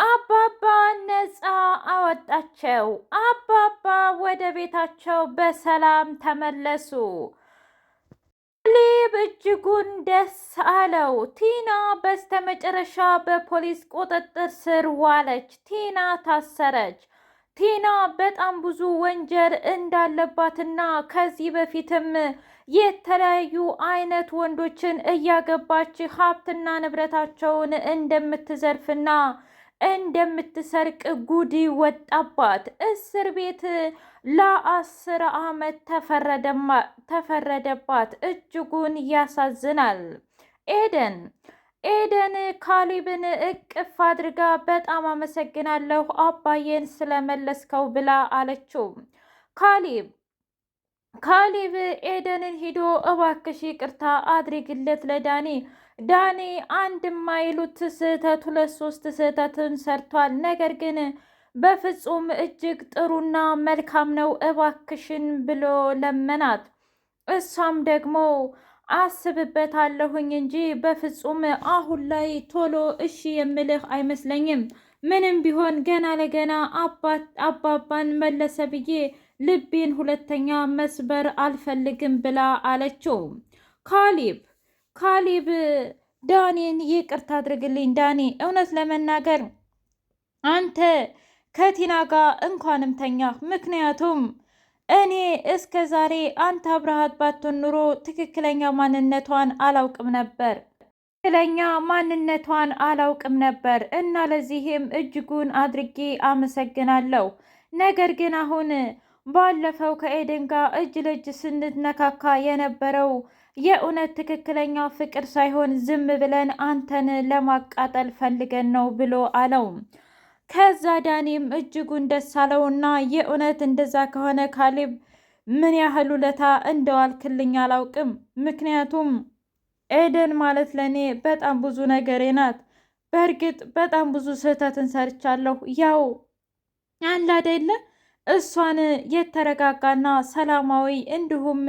አባባ ነፃ አወጣቸው። አባባ ወደ ቤታቸው በሰላም ተመለሱ። ሌብ እጅጉን ደስ አለው። ቲና በስተመጨረሻ በፖሊስ ቁጥጥር ስር ዋለች። ቲና ታሰረች። ቲና በጣም ብዙ ወንጀል እንዳለባትና ከዚህ በፊትም የተለያዩ አይነት ወንዶችን እያገባች ሀብትና ንብረታቸውን እንደምትዘርፍና እንደምትሰርቅ ጉዲ ወጣባት። እስር ቤት ለአስር ዓመት ተፈረደባት። እጅጉን ያሳዝናል። ኤደን ኤደን ካሊብን እቅፍ አድርጋ በጣም አመሰግናለሁ አባዬን ስለመለስከው ብላ አለችው። ካሊብ ካሊብ ኤደንን ሂዶ እባክሽ ይቅርታ አድርግለት ለዳኒ ዳኔ አንድ የማይሉት ስህተት ሁለት ሶስት ስህተትን ሰርቷል። ነገር ግን በፍጹም እጅግ ጥሩና መልካም ነው እባክሽን ብሎ ለመናት። እሷም ደግሞ አስብበታለሁኝ እንጂ በፍጹም አሁን ላይ ቶሎ እሺ የምልህ አይመስለኝም። ምንም ቢሆን ገና ለገና አባባን መለሰ ብዬ ልቤን ሁለተኛ መስበር አልፈልግም ብላ አለችው። ካሊብ ካሊብ ዳኔን ይቅርታ አድርግልኝ። ዳኔ እውነት ለመናገር አንተ ከቲና ጋር እንኳንም ተኛ። ምክንያቱም እኔ እስከ ዛሬ አንተ አብረሃት ባትሆን ኑሮ ትክክለኛ ማንነቷን አላውቅም ነበር ትክክለኛ ማንነቷን አላውቅም ነበር እና ለዚህም እጅጉን አድርጌ አመሰግናለሁ። ነገር ግን አሁን ባለፈው ከኤደን ጋር እጅ ለእጅ ስንነካካ የነበረው የእውነት ትክክለኛው ፍቅር ሳይሆን ዝም ብለን አንተን ለማቃጠል ፈልገን ነው ብሎ አለው። ከዛ ዳኒም እጅጉን ደስ አለውና የእውነት እንደዛ ከሆነ ካሌብ ምን ያህል ውለታ እንደዋልክልኝ አላውቅም። ምክንያቱም ኤደን ማለት ለእኔ በጣም ብዙ ነገሬ ናት። በእርግጥ በጣም ብዙ ስህተትን ሰርቻለሁ። ያው አላደለ እሷን የተረጋጋና ሰላማዊ እንዲሁም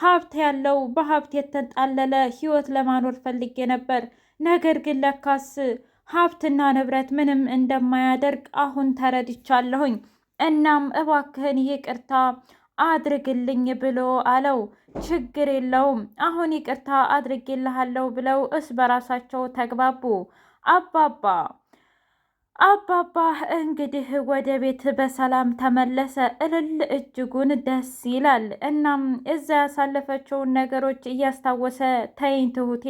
ሀብት ያለው በሀብት የተንጣለለ ህይወት ለማኖር ፈልጌ ነበር። ነገር ግን ለካስ ሀብትና ንብረት ምንም እንደማያደርግ አሁን ተረድቻለሁኝ። እናም እባክህን ይቅርታ አድርግልኝ ብሎ አለው። ችግር የለውም አሁን ይቅርታ አድርጌልሃለሁ ብለው እስ በራሳቸው ተግባቡ። አባባ አባባ እንግዲህ ወደ ቤት በሰላም ተመለሰ። እልል እጅጉን ደስ ይላል። እናም እዛ ያሳለፈችውን ነገሮች እያስታወሰ ተይኝ ትሁቴ፣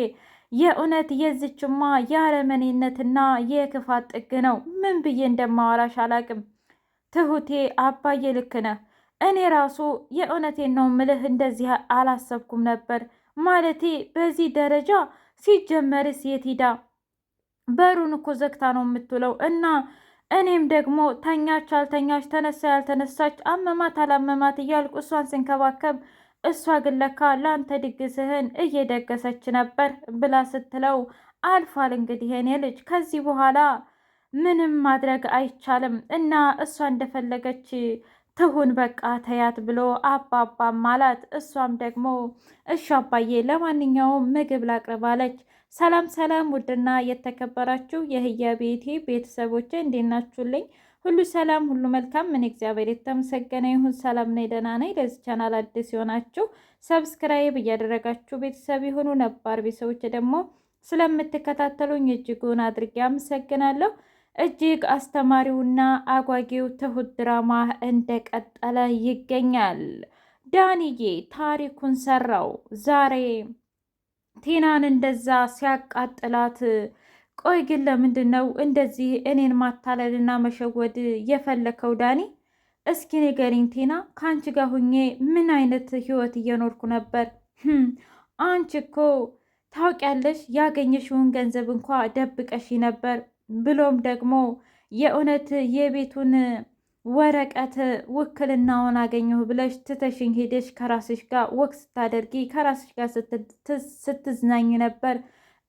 የእውነት የዝችማ የአረመኔነትና የክፋት ጥግ ነው። ምን ብዬ እንደማወራሽ አላቅም ትሁቴ። አባዬ ልክ ነህ። እኔ ራሱ የእውነቴን ነው ምልህ፣ እንደዚህ አላሰብኩም ነበር። ማለቴ በዚህ ደረጃ ሲጀመርስ የት ሂዳ በሩን እኮ ዘግታ ነው የምትውለው እና እኔም ደግሞ ተኛች አልተኛች ተነሳ ያልተነሳች አመማት አላመማት እያልኩ እሷን ስንከባከብ እሷ ግን ለካ ለአንተ ድግስህን እየደገሰች ነበር ብላ ስትለው አልፏል እንግዲህ የኔ ልጅ ከዚህ በኋላ ምንም ማድረግ አይቻልም እና እሷ እንደፈለገች ትሁን በቃ ተያት ብሎ አባባም አላት። እሷም ደግሞ እሺ አባዬ፣ ለማንኛውም ምግብ ላቅርብ አለች። ሰላም ሰላም! ውድና የተከበራችሁ የህያ ቤቴ ቤተሰቦቼ እንዴት ናችሁልኝ? ሁሉ ሰላም፣ ሁሉ መልካም። ምን እግዚአብሔር የተመሰገነ ይሁን። ሰላም ነኝ፣ ደህና ነኝ። ለዚህ ቻናል አዲስ የሆናችሁ ሰብስክራይብ እያደረጋችሁ ቤተሰብ የሆኑ ነባር ቤተሰቦች ደግሞ ስለምትከታተሉኝ እጅጉን አድርጌ አመሰግናለሁ። እጅግ አስተማሪውና አጓጊው ትሁት ድራማ እንደቀጠለ ይገኛል። ዳንዬ ታሪኩን ሰራው። ዛሬ ቲናን እንደዛ ሲያቃጥላት፣ ቆይ ግን ለምንድን ነው እንደዚህ እኔን ማታለልና መሸወድ የፈለከው ዳኒ? እስኪ ንገሪኝ ቲና፣ ከአንቺ ጋር ሁኜ ምን አይነት ህይወት እየኖርኩ ነበር? አንቺ እኮ ታውቂያለሽ፣ ያገኘሽውን ገንዘብ እንኳ ደብቀሽ ነበር ብሎም ደግሞ የእውነት የቤቱን ወረቀት ውክልናውን አገኘሁ ብለሽ ትተሽኝ ሄደሽ ከራስሽ ጋር ወቅ ስታደርጊ ከራስሽ ጋር ስትዝናኝ ነበር።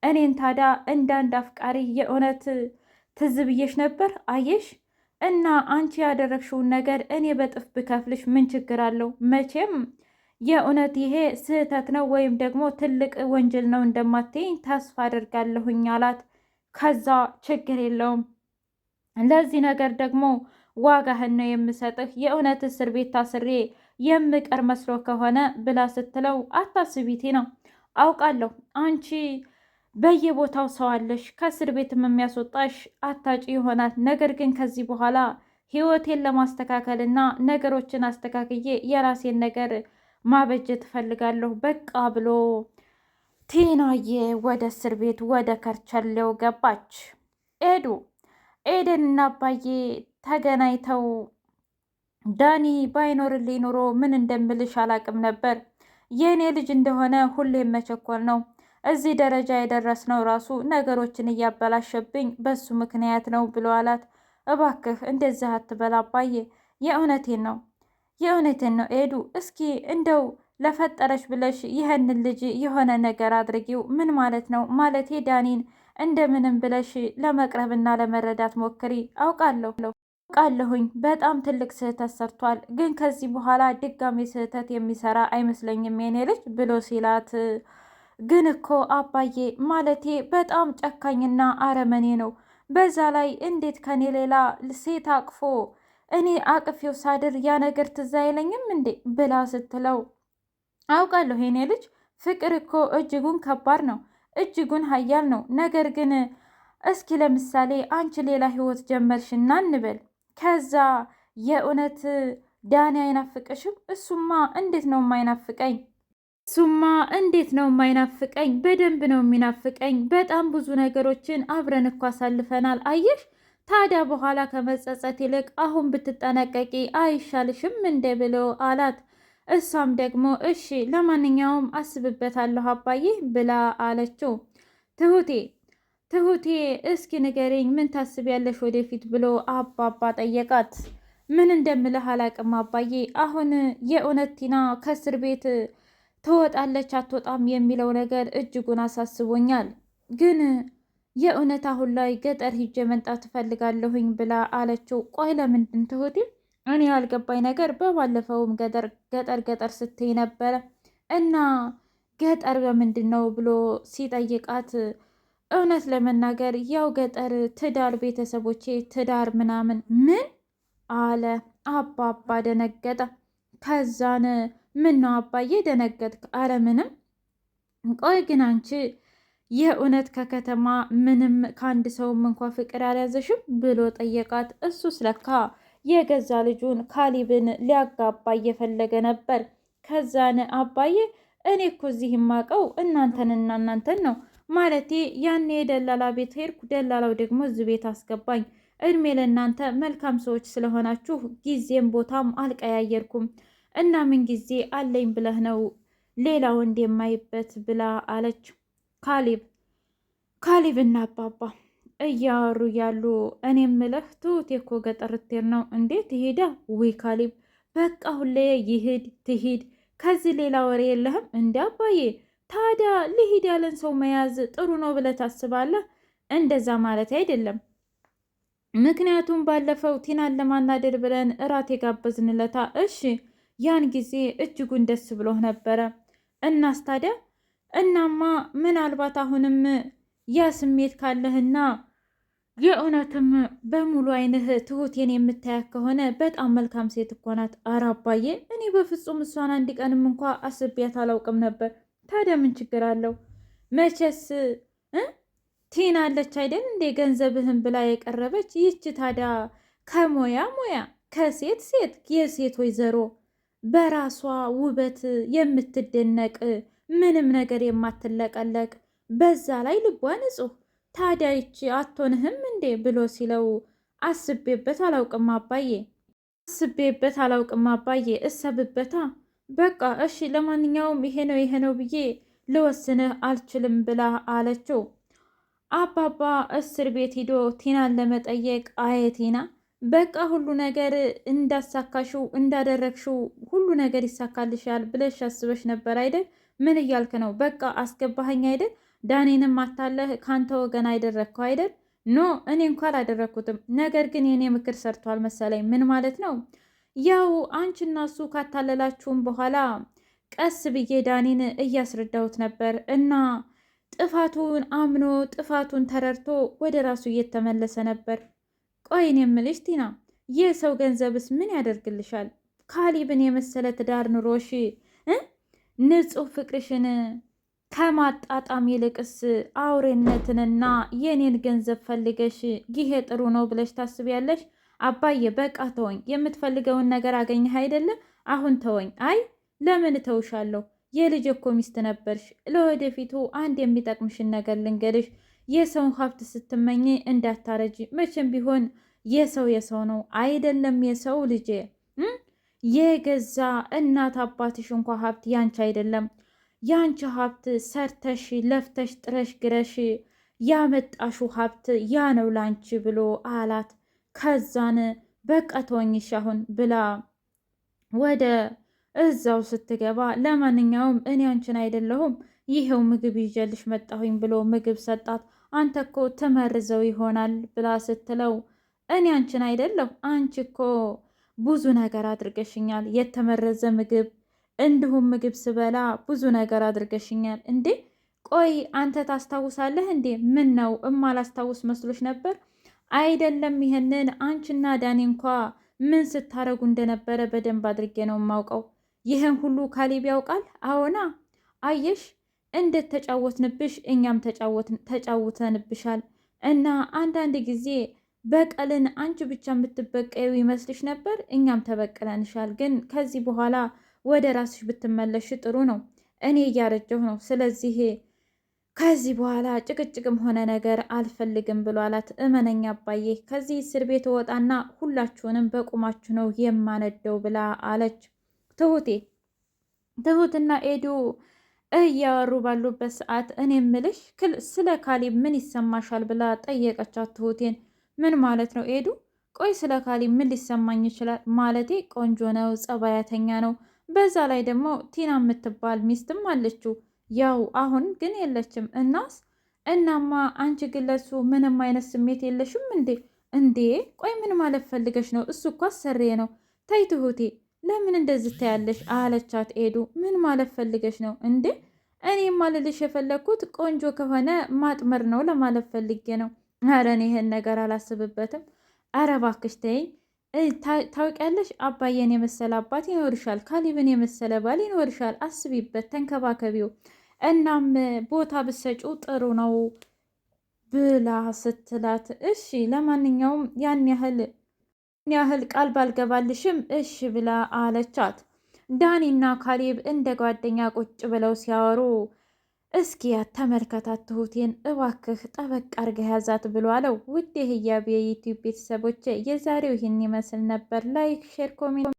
እኔን ታዲያ እንዳንድ አፍቃሪ የእውነት ትዝ ብዬሽ ነበር። አየሽ እና አንቺ ያደረግሽውን ነገር እኔ በጥፍ ብከፍልሽ ምን ችግር አለው? መቼም የእውነት ይሄ ስህተት ነው ወይም ደግሞ ትልቅ ወንጀል ነው እንደማትይኝ ተስፋ አደርጋለሁኝ አላት። ከዛ ችግር የለውም። ለዚህ ነገር ደግሞ ዋጋህን ነው የምሰጥህ። የእውነት እስር ቤት ታስሬ የምቀር መስሎ ከሆነ ብላ ስትለው አታስቢቴ ነው አውቃለሁ አንቺ በየቦታው ሰው አለሽ፣ ከእስር ቤትም የሚያስወጣሽ አታጪ ይሆናል። ነገር ግን ከዚህ በኋላ ህይወቴን ለማስተካከልና ነገሮችን አስተካክዬ የራሴን ነገር ማበጀት እፈልጋለሁ በቃ ብሎ ቴናዬ ወደ እስር ቤት ወደ ከርቸሌው ገባች። ኤዱ ኤደንና አባዬ ተገናኝተው ዳኒ ባይኖርልኝ ኑሮ ምን እንደምልሽ አላቅም ነበር። የእኔ ልጅ እንደሆነ ሁሌም መቸኮል ነው። እዚህ ደረጃ የደረስነው ራሱ ነገሮችን እያበላሸብኝ በሱ ምክንያት ነው ብሎ አላት። እባክህ እንደዚህ አትበላ አባዬ፣ የእውነቴን ነው የእውነቴን ነው ኤዱ፣ እስኪ እንደው ለፈጠረሽ ብለሽ ይህንን ልጅ የሆነ ነገር አድርጊው። ምን ማለት ነው? ማለቴ ዳኒን እንደምንም ብለሽ ለመቅረብና ለመረዳት ሞክሪ። አውቃለሁ አውቃለሁኝ በጣም ትልቅ ስህተት ሰርቷል፣ ግን ከዚህ በኋላ ድጋሚ ስህተት የሚሰራ አይመስለኝም የኔ ልጅ ብሎ ሲላት ግን እኮ አባዬ ማለቴ በጣም ጨካኝና አረመኔ ነው። በዛ ላይ እንዴት ከኔ ሌላ ሴት አቅፎ እኔ አቅፌው ሳድር ያ ነገር ትዝ አይለኝም እንዴ ብላ ስትለው አውቃለሁ የኔ ልጅ ፍቅር እኮ እጅጉን ከባድ ነው፣ እጅጉን ሀያል ነው። ነገር ግን እስኪ ለምሳሌ አንቺ ሌላ ህይወት ጀመርሽ እና እንበል ከዛ የእውነት ዳኒ አይናፍቅሽም? እሱማ እንዴት ነው የማይናፍቀኝ? እሱማ እንዴት ነው የማይናፍቀኝ? በደንብ ነው የሚናፍቀኝ። በጣም ብዙ ነገሮችን አብረን እኮ አሳልፈናል። አየሽ ታዲያ በኋላ ከመጸጸት ይልቅ አሁን ብትጠነቀቂ አይሻልሽም እንደ ብሎ አላት። እሷም ደግሞ እሺ ለማንኛውም አስብበታለሁ አባዬ ብላ አለችው። ትሁቴ ትሁቴ እስኪ ንገሪኝ ምን ታስቢያለሽ ወደፊት ብሎ አባባ ጠየቃት። ምን እንደምልህ አላቅም አባዬ፣ አሁን የእውነት ቲና ከእስር ቤት ትወጣለች አትወጣም የሚለው ነገር እጅጉን አሳስቦኛል። ግን የእውነት አሁን ላይ ገጠር ሂጄ መምጣት እፈልጋለሁኝ ብላ አለችው። ቆይ ለምንድን ትሁቴ እኔ ያልገባኝ ነገር በባለፈውም ገጠር ገጠር ገጠር ስትይ ነበረ እና ገጠር በምንድን ነው ብሎ ሲጠይቃት እውነት ለመናገር ያው ገጠር ትዳር፣ ቤተሰቦቼ ትዳር ምናምን ምን አለ አባባ ደነገጠ። ከዛን ምን ነው አባዬ ደነገጥክ? አረ ምንም። ቆይ ግን አንቺ የእውነት ከከተማ ምንም ከአንድ ሰውም እንኳ ፍቅር አልያዘሽም ብሎ ጠየቃት። እሱስ ለካ የገዛ ልጁን ካሊብን ሊያጋባ እየፈለገ ነበር። ከዛን አባዬ እኔ እኮ እዚህ የማውቀው እናንተንና እናንተን ነው ማለቴ ያኔ የደላላ ቤት ሄድኩ። ደላላው ደግሞ እዚህ ቤት አስገባኝ። እድሜ ለእናንተ መልካም ሰዎች ስለሆናችሁ ጊዜም ቦታም አልቀያየርኩም እና ምን ጊዜ አለኝ ብለህ ነው ሌላ ወንድ የማይበት ብላ አለች። ካሊብ ካሊብና አባባ እያወሩ ያሉ እኔ ምለህ ትሁት እኮ ገጠር ልትሄድ ነው እንዴት ትሄዳ? ውይ ካሊብ በቃ ሁሌ ይሂድ ትሂድ፣ ከዚህ ሌላ ወሬ የለህም? እንዲ አባዬ ታዲያ ልሂድ ያለን ሰው መያዝ ጥሩ ነው ብለህ ታስባለህ? እንደዛ ማለት አይደለም። ምክንያቱም ባለፈው ቲናን ለማናደድ ብለን እራት የጋበዝንለታ፣ እሺ ያን ጊዜ እጅጉን ደስ ብሎህ ነበረ። እናስ ታዲያ እናማ ምናልባት አሁንም ያ ስሜት ካለህና የእውነትም በሙሉ አይንህ ትሁቴን የምታያት ከሆነ በጣም መልካም ሴት እኮ ናት። ኧረ አባዬ እኔ በፍጹም እሷን አንድ ቀንም እንኳ አስቤያት አላውቅም ነበር። ታዲያ ምን ችግር አለው? መቼስ ቲና አለች አይደል እንዴ ገንዘብህን ብላ የቀረበች ይህች። ታዲያ ከሞያ ሞያ ከሴት ሴት የሴት ወይዘሮ በራሷ ውበት የምትደነቅ ምንም ነገር የማትለቀለቅ በዛ ላይ ልቧ ንጹህ ታዲያ ይቺ አትሆንህም እንዴ ብሎ ሲለው አስቤበት አላውቅም አባዬ፣ አስቤበት አላውቅም አባዬ፣ እሰብበታ በቃ እሺ፣ ለማንኛውም ይሄ ነው ይሄ ነው ብዬ ልወስንህ አልችልም ብላ አለችው። አባባ እስር ቤት ሂዶ ቲናን ለመጠየቅ አየ ቲና በቃ ሁሉ ነገር እንዳሳካሽው እንዳደረግሽው ሁሉ ነገር ይሳካልሻል ብለሽ አስበሽ ነበር አይደል? ምን እያልክ ነው? በቃ አስገባኸኝ አይደል? ዳኔንም አታለህ ካንተ ወገን አይደረግከው አይደል? ኖ እኔ እንኳ አላደረግኩትም፣ ነገር ግን የእኔ ምክር ሰርቷል መሰለኝ። ምን ማለት ነው? ያው አንቺና እሱ ካታለላችሁም በኋላ ቀስ ብዬ ዳኔን እያስረዳሁት ነበር እና ጥፋቱን አምኖ ጥፋቱን ተረድቶ ወደ ራሱ እየተመለሰ ነበር። ቆይ እኔ የምልሽ ቲና፣ ይህ ሰው ገንዘብስ ምን ያደርግልሻል? ካሊብን የመሰለ ትዳር ኑሮሽ ንጹሕ ፍቅርሽን ከማጣጣም ይልቅስ አውሬነትንና የኔን ገንዘብ ፈልገሽ ይሄ ጥሩ ነው ብለሽ ታስቢያለሽ? አባዬ በቃ ተወኝ። የምትፈልገውን ነገር አገኘህ አይደለም? አሁን ተወኝ። አይ ለምን እተውሻለሁ? የልጅ እኮ ሚስት ነበርሽ። ለወደፊቱ አንድ የሚጠቅምሽን ነገር ልንገርሽ። የሰውን ሀብት ስትመኝ እንዳታረጅ። መቼም ቢሆን የሰው የሰው ነው አይደለም? የሰው ልጄ የገዛ እናት አባትሽ እንኳ ሀብት ያንቺ አይደለም። ያንቺ ሀብት ሰርተሽ ለፍተሽ ጥረሽ ግረሽ ያመጣሹ ሀብት ያ ነው ላንቺ ብሎ አላት። ከዛን በቃ ተወኝሽ አሁን ብላ ወደ እዛው ስትገባ ለማንኛውም እኔ አንቺን አይደለሁም ይሄው ምግብ ይዤልሽ መጣሁኝ ብሎ ምግብ ሰጣት። አንተ እኮ ትመርዘው ይሆናል ብላ ስትለው እኔ አንቺን አይደለሁ አንቺ እኮ ብዙ ነገር አድርገሽኛል የተመረዘ ምግብ እንዲሁም ምግብ ስበላ ብዙ ነገር አድርገሽኛል እንዴ? ቆይ አንተ ታስታውሳለህ እንዴ? ምን ነው እማላስታውስ መስሎች ነበር? አይደለም ይህንን አንቺና ዳኔ እንኳ ምን ስታረጉ እንደነበረ በደንብ አድርጌ ነው የማውቀው። ይህን ሁሉ ካሊብ ያውቃል። አዎና፣ አየሽ እንዴት ተጫወትንብሽ፣ እኛም ተጫውተንብሻል። እና አንዳንድ ጊዜ በቀልን አንቺ ብቻ የምትበቀዩ ይመስልሽ ነበር፣ እኛም ተበቅለንሻል። ግን ከዚህ በኋላ ወደ ራስሽ ብትመለሽ ጥሩ ነው። እኔ እያረጀሁ ነው። ስለዚህ ከዚህ በኋላ ጭቅጭቅም ሆነ ነገር አልፈልግም ብሎ አላት። እመነኛ አባዬ፣ ከዚህ እስር ቤት ወጣና ሁላችሁንም በቁማችሁ ነው የማነደው ብላ አለች። ትሁቴ ትሁትና ኤዱ እያወሩ ባሉበት ሰዓት እኔ ምልሽ ስለ ካሌብ ምን ይሰማሻል ብላ ጠየቀቻት ትሁቴን። ምን ማለት ነው ኤዱ? ቆይ ስለ ካሌብ ምን ሊሰማኝ ይችላል? ማለቴ ቆንጆ ነው፣ ጸባያተኛ ነው በዛ ላይ ደግሞ ቲና የምትባል ሚስትም አለችው። ያው አሁን ግን የለችም። እናስ እናማ አንቺ ግን ለሱ ምንም አይነት ስሜት የለሽም እንዴ? እንዴ ቆይ ምን ማለት ፈልገሽ ነው? እሱ እኮ አሰሬ ነው። ተይ ትሁቴ ለምን እንደዚህ ታያለሽ? አለቻት ኤዱ። ምን ማለት ፈልገሽ ነው እንዴ? እኔ ማልልሽ የፈለግኩት ቆንጆ ከሆነ ማጥመር ነው ለማለት ፈልጌ ነው። አረ ይህን ነገር አላስብበትም። አረ እባክሽ ተይኝ ታውቂያለሽ አባዬን የመሰለ አባት ይኖርሻል፣ ካሊብን የመሰለ ባል ይኖርሻል። አስቢበት፣ ተንከባከቢው። እናም ቦታ ብሰጩ ጥሩ ነው ብላ ስትላት፣ እሺ ለማንኛውም ያን ያህል ያህል ቃል ባልገባልሽም እሺ ብላ አለቻት። ዳኒና ካሌብ እንደ ጓደኛ ቁጭ ብለው ሲያወሩ እስኪያት ተመልከታት ትሁቴን እባክህ ጠበቅ አድርገህ ያዛት ብሎ አለው። ውድ የህያብ የዩቲዩብ ቤተሰቦች የዛሬው ይህን ይመስል ነበር። ላይክ፣ ሼር፣ ኮሜንት